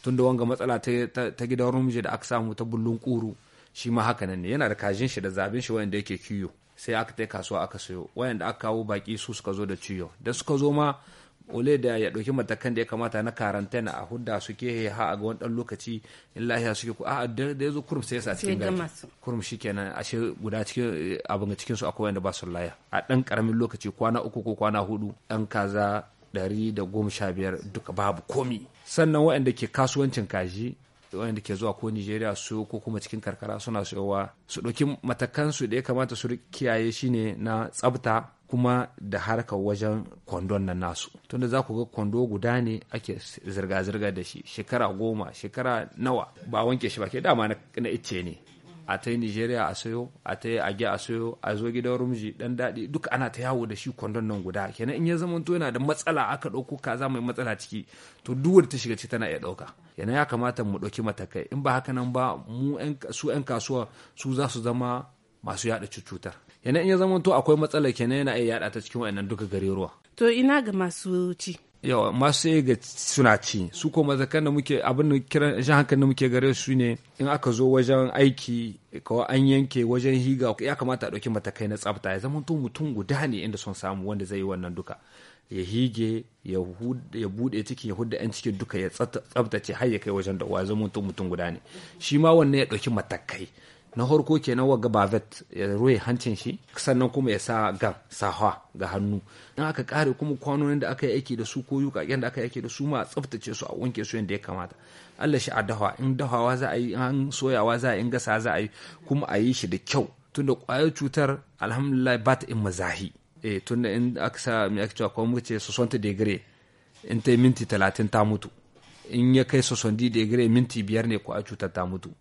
tun da wanga matsala ta gidan rumje da aka samu ta bullun kuru shi ma haka nan ne yana da kajin shi da zabin shi wanda yake kiyo sai aka tai kasuwa aka sayo wayanda aka kawo baki su suka zo da ciyo da suka zo ma ole da ya ɗauki matakan da ya kamata na karantana a hudda su ke ha a ga wani ɗan lokaci in lahiya suke ku a da ya zo kurum sai ya sa cikin gari kurum shi kenan ashe guda cikin eh, abin cikinsu akwai wanda ba su laya a ɗan karamin lokaci kwana uku ko kwana hudu ɗan kaza dari da goma sha biyar duka babu komi sannan waɗanda ke kasuwancin kaji waɗanda ke zuwa ko nigeria su ko kuma cikin karkara suna sayowa su ɗauki matakansu da ya kamata su kiyaye shine na tsabta kuma da harka wajen kwandon nan nasu tunda za ku ga kwando guda ne ake zirga-zirga da shi shekara goma shekara nawa ba wanke shi ba ke dama na icce ne a ta yi nigeria a sayo a ta yi age a sayo a zo gidan rumji dan daɗi duk ana ta yawo da shi kwandon nan guda kenan in ya zama to yana da matsala aka ɗauko kaza mai matsala ciki to duk ta shiga ciki tana iya ɗauka yana ya kamata mu ɗauki matakai in ba haka nan ba mu su 'yan kasuwa su za su zama masu yaɗa cutar yana iya zama to akwai matsalar kenan yana iya yada ta cikin wayannan duka ruwa. to ina ga masu ci yawa masu ga suna ci su ko mazakan da muke abin kiran shi hankali muke gare su ne in aka zo wajen aiki kawai an yanke wajen higa ya kamata a ɗauki matakai na tsafta ya zama to mutum guda ne inda son samu wanda zai yi wannan duka ya hige ya buɗe ciki ya hudu yan cikin duka ya tsabtace har ya kai wajen da wa zama mutum guda ne shi ma wannan ya ɗauki matakai na harko kenan waga bavet ya roye hancin shi sannan kuma ya sa sa sahwa ga hannu in aka kare kuma kwanonin da aka yi aiki da su ko yukaken da aka yi aiki da su ma a tsaftace su a wanke su yadda ya kamata Allah shi a dahawa in dahawa za a yi in soyawa za a yi in gasa za a yi kuma a yi shi da kyau tunda kwayar cutar alhamdulillah ba ta in mazahi eh tunda in aka sa mai aka cewa kuma muke 60 degree in ta yi minti 30 ta mutu in ya kai 60 degree minti biyar ne kwayar cutar ta mutu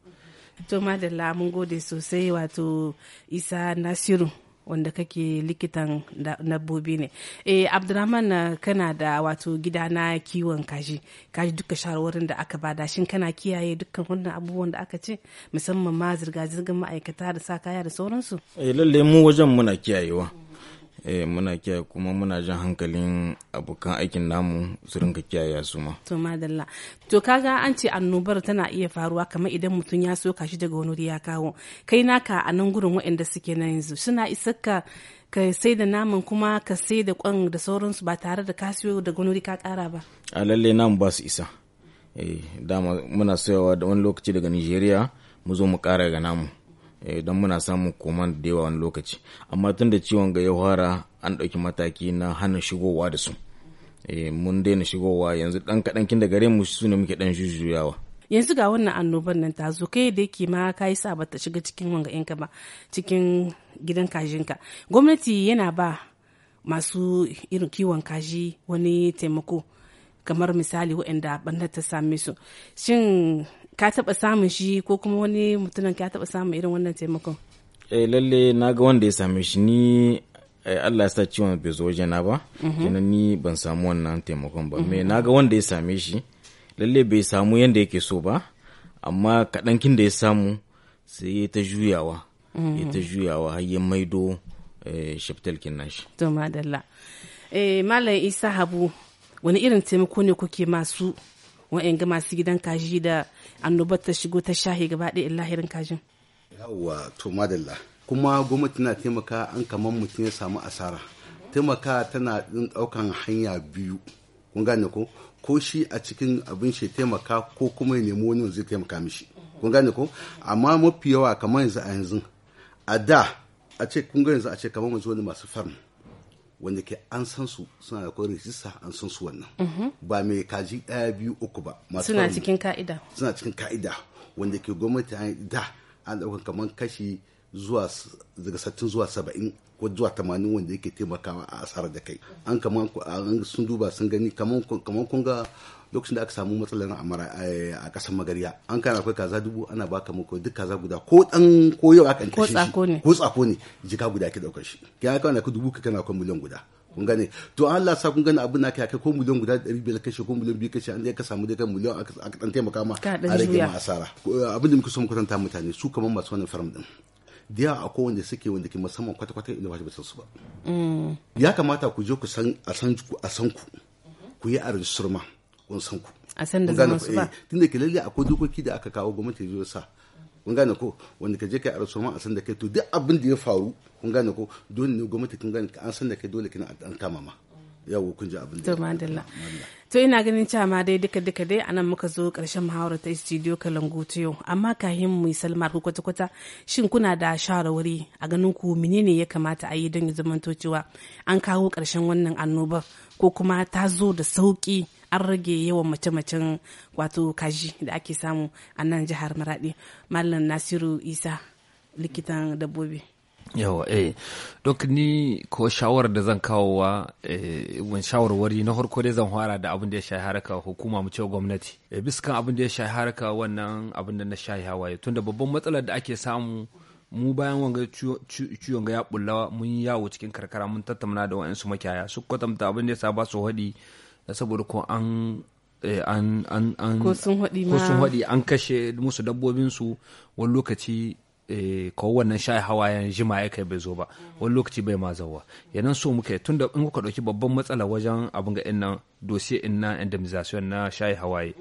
to da mun gode sosai wato isa nasiru wanda kake likitan dabbobi ne eh abdurrahman kana da wato gida na kiwon kaji kaji duka shawarwarin da aka bada shin kana kiyaye dukkan wannan abubuwan da aka ce musamman ma zirga-zirgar ma'aikata da sa kaya da sauransu eh lalle mu wajen muna kiyayewa Eh, muna kiyaye kuma muna jan hankalin abokan aikin namu su rinka kiyaye su ma. To madalla. To kaga an ce annobar tana iya faruwa kamar idan mutum ya soka shi daga wani ya kawo. Kai naka a nan gurin waɗanda suke na yanzu suna isakka ka sai da naman kuma ka sai da kwan da sauransu ba tare da ka da wani ka kara ba. A lalle namu ba su isa. Eh, dama muna sayawa da wani lokaci daga Nigeria mu zo mu kara ga namu. Eh, don muna samun koman da yawa wani lokaci amma tun da ciwon ga ya fara an ɗauki mataki na hana shigowa da su eh, mun daina shigowa yanzu ɗan kaɗan kin da gare mu su ne muke ɗan jujjuyawa yanzu ga wannan annoban nan ta zo kai da yake ma ka yi sa bata shiga cikin wanga yanka ba cikin gidan ka gwamnati yana ba masu irin kiwon kaji wani taimako kamar misali waɗanda ɓannar ta same su shin ka taba samun shi ko kuma wani mutumin ka taba samun irin wannan taimakon eh lalle na ga wanda ya same shi ni eh, Allah ya sa ciwon bai zo na ba mhm. kenan ni ban samu wannan taimakon ba mhm. me na ga wanda ya same shi lalle bai samu yanda yake so ba amma kin da ya samu sai ya ta juyawa ya mhm. ta juyawa har ya maido eh, kin nashi to madalla eh malam isa habu wani irin taimako ne kuke masu wa'in ga masu gidan kaji da annobar ta shigo ta shahi gaba ɗaya lahirin kajin. yawwa to madalla kuma gwamnati na taimaka an kamar mutum ya samu asara taimaka tana ɗaukan hanya biyu kun gane ko ko shi a cikin abin shi taimaka ko kuma ya nemi wani zai taimaka mishi kun gane ko amma mafi yawa kamar yanzu a yanzu a da a ce kun ga yanzu a ce kamar zo wani masu farm wanda ke an san su suna da kawai rijista an san su wannan mhm. ba mai kaji ɗaya biyu uku ba suna cikin ka'ida suna cikin ka'ida wanda ke gwamnati da an daukan kamar kashi zuwa daga sattin zuwa saba'in ko zuwa tamanin wanda yake taimakawa a asarar da kai an kaman sun duba sun gani kamar kun ga lokacin da aka samu matsalar a kasar magariya an kana akwai kaza dubu ana baka muku duk kaza guda ko dan ko yau aka ko tsako ne jika guda ke daukar shi kai aka ka dubu ka kana akwai miliyan guda kun gane to Allah sa kun gane abin naka kai ko miliyan guda 500 kashe ko miliyan 2 kashe an dai ka samu dai kan miliyon aka dan taimaka ma a rage ma asara abin da muke so mu kwatanta mutane su kamar masu wannan farm din da yawa a kowanne suke wanda ke musamman kwata-kwata inda ba shi su ba mm. ya kamata ku je ku san a san ku a san ku mm-hmm. ku yi arin surma kun san ku a san da zama su ba eh, da ke lalle akwai dokoki da aka kawo gwamnati zo sa kun gane ko wanda ka je kai arin surma a san da kai to duk abin da ya faru kun gane ko dole ne gwamnati kun gane an san da kai dole kina an kama ma yawo kun ji abin da ya to ina ganin cewa ma dai duka duka dai anan muka zo karshen muhawara ta studio kalangu ta yau amma kahin mu salmar ku kwata kwata shin kuna da shawarwari a ganin ku menene ya kamata a yi don ya zamanto cewa an kawo karshen wannan annobar ko kuma ta zo da sauki an rage yawan mace-macen wato kaji da ake samu a nan jihar maradi mallam nasiru isa likitan dabbobi yawa eh duk ni ko shawarar da zan kawo wa eh, wani shawarwari na farko dai zan fara da abin da ya shahi haraka hukuma mu ce gwamnati eh, biskan abin da ya shahi haraka wannan abin da na shahi hawaye tunda babban matsalar da ake samu mu bayan wanga ciwon ga ya bulla mun yawo cikin karkara mun tattauna da wa'ansu makiyaya su kwatanta abin da ya sa ba su haɗi saboda ko an eh, an an ko sun haɗi an kashe musu dabbobin su wani lokaci Eh, ko wannan shayi hawayen jima ya kai bai zo ba wani lokaci bai ma zauwa yanan so muke tun da in kuka ɗauki babban matsala wajen abin ga nan dosiye in na indemnisation na shayi hawaye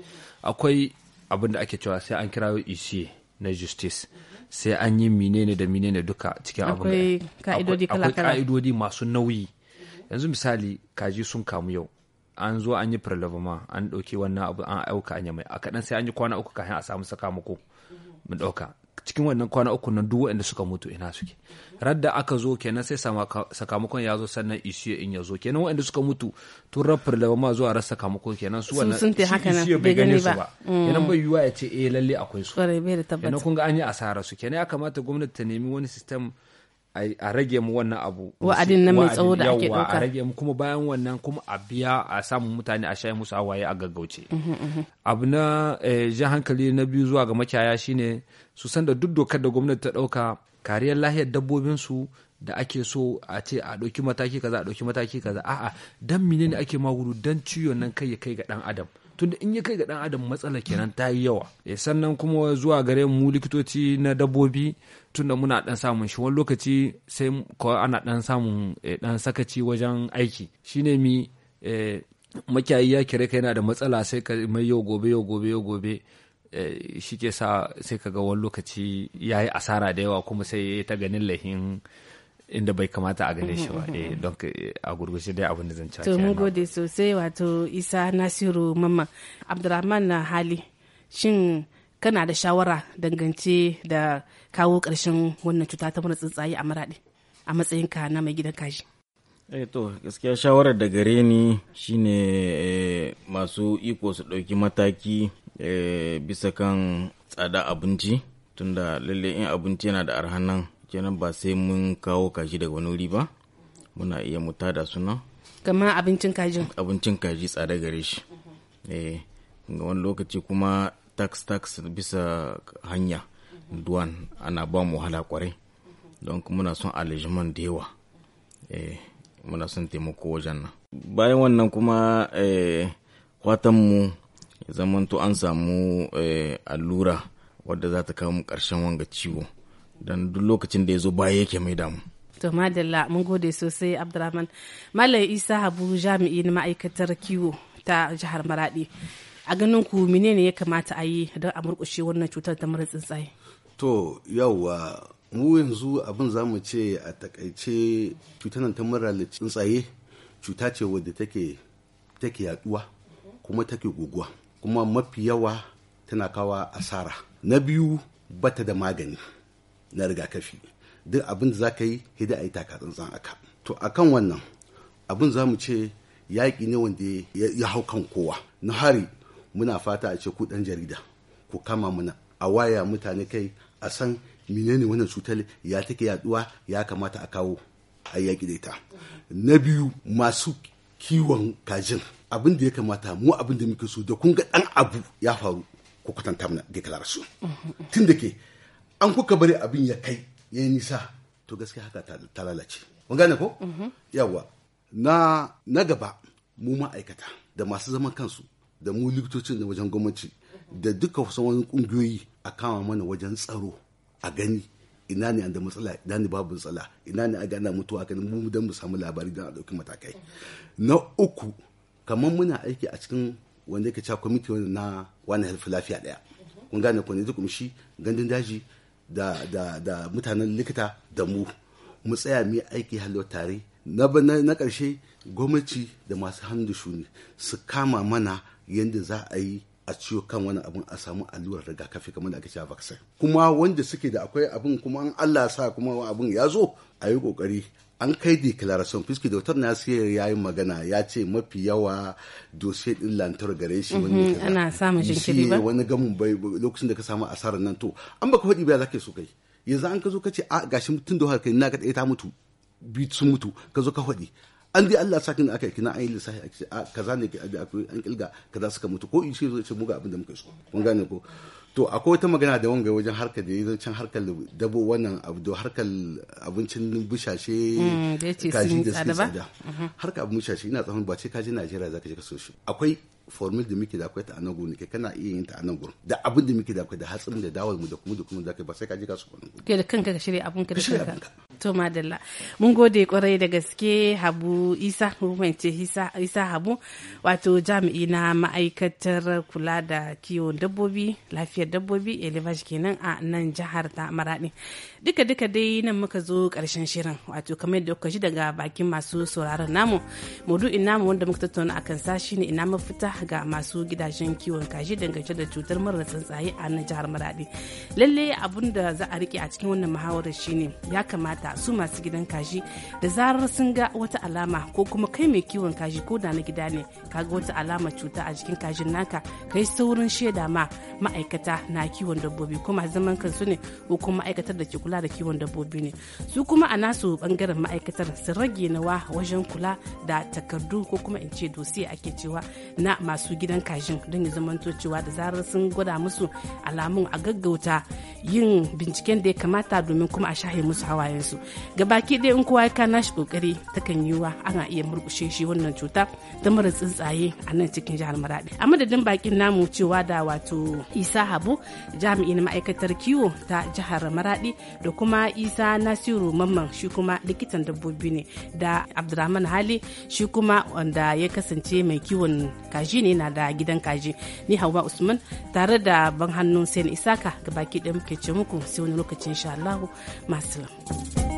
akwai abin da ake cewa sai an kira ECA na justice sai an yi menene da menene duka cikin abin akwai ka'idodi masu nauyi yanzu misali kaji sun kamu yau an zo an yi prelevama an ɗauki wannan abu an auka an mai a kaɗan sai an yi kwana uku kafin a samu sakamako mu ɗauka cikin wannan kwana uku nan duk waɗanda suka mutu ina suke radda aka zo kenan sai sakamakon ya zo sannan isiyo in ya zo kenan waɗanda suka mutu tun rafar da ma zuwa rasa sakamako kenan su wannan isiyo bai gane su ba kenan mm. bai yiwuwa ya ce eh lalle akwai su kenan kun ga an yi asara su kenan ya kamata gwamnati ta nemi wani system a rage mu wannan abu wa'adin na mai tsawo da ake dauka a rage mu kuma bayan wannan kuma a biya a samu mutane a shayi musu waye a gaggauce mm-hmm, mm-hmm. abu na eh, jan hankali na biyu zuwa ga makiyaya shine su san da duk dokar da gwamnati ta ɗauka kariyar lahiyar su da ake so a ce a ɗauki mataki kaza a ɗauki mataki kaza a'a dan mine ne ake magudu dan ciwon nan kai ya kai ga ɗan adam tunda in ya kai ga ɗan adam matsala kenan ta yi yawa e, sannan kuma zuwa gare mu likitoci na dabbobi tunda muna ɗan samun shi wani lokaci sai ko ana ɗan samun e, ɗan sakaci wajen aiki shine mi e, makiyayi ya kire kai yana da matsala sai ka mai yau gobe yau gobe yau gobe Eh, shi ke sa sai ga wani lokaci ya yi asara da yawa kuma sai ta ganin lahin inda bai kamata a gane shi ba mm-hmm. eh don a gurgushi dai abin da zan ci to mun gode sosai wato isa nasiru mama abdurrahman na hali shin kana da shawara dangance da kawo ƙarshen wannan cuta ta mura tsuntsaye a maraɗi a matsayinka na mai gidan kashi eh to gaskiya shawarar da gare ni shine eh, masu iko su ɗauki mataki eh, bisa kan tsada abinci tunda lalle in abinci yana da arhan nan kenan ba sai mun kawo kaji daga wani wuri ba muna iya mu da suna kamar abincin kaji abincin kaji tsada gare shi eh ga wani lokaci kuma tax tax bisa hanya duwan ana ba mu wahala kwarai don kuma muna son alijiman da yawa eh muna son taimako wajen nan bayan wannan kuma eh, mu ya zamanto an samu eh, allura wadda za ta kawo mu ƙarshen wanga ciwo don duk lokacin da ya zo baya yake mai damu to madalla mun gode sosai abdurrahman malam isa habu jami'i na ma'aikatar kiwo ta jihar maradi a ganin ku menene ya kamata a yi don a murƙushe wannan cutar ta mara tsuntsaye to yawwa mu yanzu abin za mu ce a takaice cutar ta mura tsuntsaye cuta ce wadda take take yaduwa kuma take guguwa kuma mafi yawa tana kawa asara na biyu bata da magani na rigakafi duk abin da za ka yi hida a yi taka tsantsan aka to a kan wannan abin za mu ce yaƙi ne wanda ya hau kan kowa na hari muna fata a ce ku ɗan jarida ku kama mana a waya mutane kai a san menene wannan cutar ya take yaduwa ya kamata a kawo a yaki da ita na biyu masu kiwon kajin abin da ya kamata mu abin da muke so da kun ga dan abu ya faru ku kwatanta mana da su tun da ke an kuka bari abin ya kai ya yi nisa to gaskiya haka ta lalace mun gane ko yawa na na gaba mu ma'aikata da masu zaman kansu da mu likitocin da wajen gwamnati da duka wasu wani kungiyoyi a kama mana wajen tsaro a gani ina ne da matsala ina ne babu matsala ina ne a gana mutuwa kan mu dan mu samu labari dan a dauki matakai na uku kamar muna aiki a cikin wanda yake cewa na wani halfi lafiya daya kun gane ku ne duk kumshi gandun daji da mutanen likita da mu mu tsaya mu aiki hallo tare na na karshe gwamnati da masu hannu shuni su kama mana yadda za a yi a ciwo kan wani abin a samu allurar rigakafi kamar da aka ce vaccine kuma wanda suke da akwai abin kuma an Allah sa kuma abin ya zo a yi kokari an kai declaration fiski da wutar nasir ya yi magana ya ce mafi yawa dose din lantar gare shi wani mhm, ana samun jinkiri ba wani gamun bai lokacin da ka samu asarar nan to an baka faɗi ba za ka so kai yanzu an ka zo ka ce a gashi mutum da kai na ga ta mutu biyu sun mutu ka zo ka faɗi an dai Allah sakin aka kina an yi lissafi a ce kaza ne ke abi akwai an kilga kaza suka mutu ko ishe zo ce mu ga abin da muka so kun gane ko to akwai wata magana da wanga wajen harkar da yanzu can harkar dabo wannan abu da harkar abincin bushashe mm, kaji da suke tsada mm-hmm. harkar abin bushashe ina tsawon ba ce kaji Najeriya zaka je ka so shi akwai formula da muke da akwai ta a nan ne kai kana iya yin ta a nan gurin da abin da muke da akwai da hatsin da dawar mu da kuma da kuma da kai ba sai ka ji kasu kwanan gurin Ke da kanka ka shirya abin ka da kanka to madalla mun gode kwarai da gaske Habu Isa ce Isa Habu wato jami'i na ma'aikatar kula da kiwon dabbobi lafiyar dabbobi Elevage kenan a nan jihar ta Maradi duka duka dai nan muka zo karshen shirin wato kamar yadda kuka ji daga bakin masu sauraron namu maudu'in namu wanda muka tattauna akan sa shine ina mafita ga masu gidajen kiwon kaji dangance da cutar mura tsuntsaye a nan jihar maradi lalle abun da za a rike a cikin wannan muhawarar shine ya kamata su masu gidan kaji da zarar sun ga wata alama ko kuma kai mai kiwon kaji ko da na gida ne kaga wata alama cuta a jikin kajin naka kai saurin shaida ma ma'aikata na kiwon dabbobi kuma zaman kansu ne ko kuma ma'aikatar da ke kula da kiwon dabbobi ne su kuma a nasu bangaren ma'aikatar su rage nawa wajen kula da takardu ko kuma in ce dosiye ake cewa na masu gidan kashin don ya zamanto cewa da zarar sun gwada musu alamun a gaggauta yin binciken da ya kamata domin kuma a shahe musu hawayensu gabaki ɗaya in kowa ya kana shi kokari takan yiwuwa ana iya murkushe shi wannan cuta ta mara tsuntsaye a nan cikin jihar maradi a madadin bakin namu cewa da wato isa habu jami'in ma'aikatar kiwo ta jihar maradi da kuma isa nasiru mamman shi kuma likitan dabbobi ne da abdurrahman hali shi kuma wanda ya kasance mai kiwon kaji kaji ne na da gidan kaji ni hawa usman tare da ban hannun sai isaka ga baki ɗaya muke ce muku sai wani lokacin sha allahu masu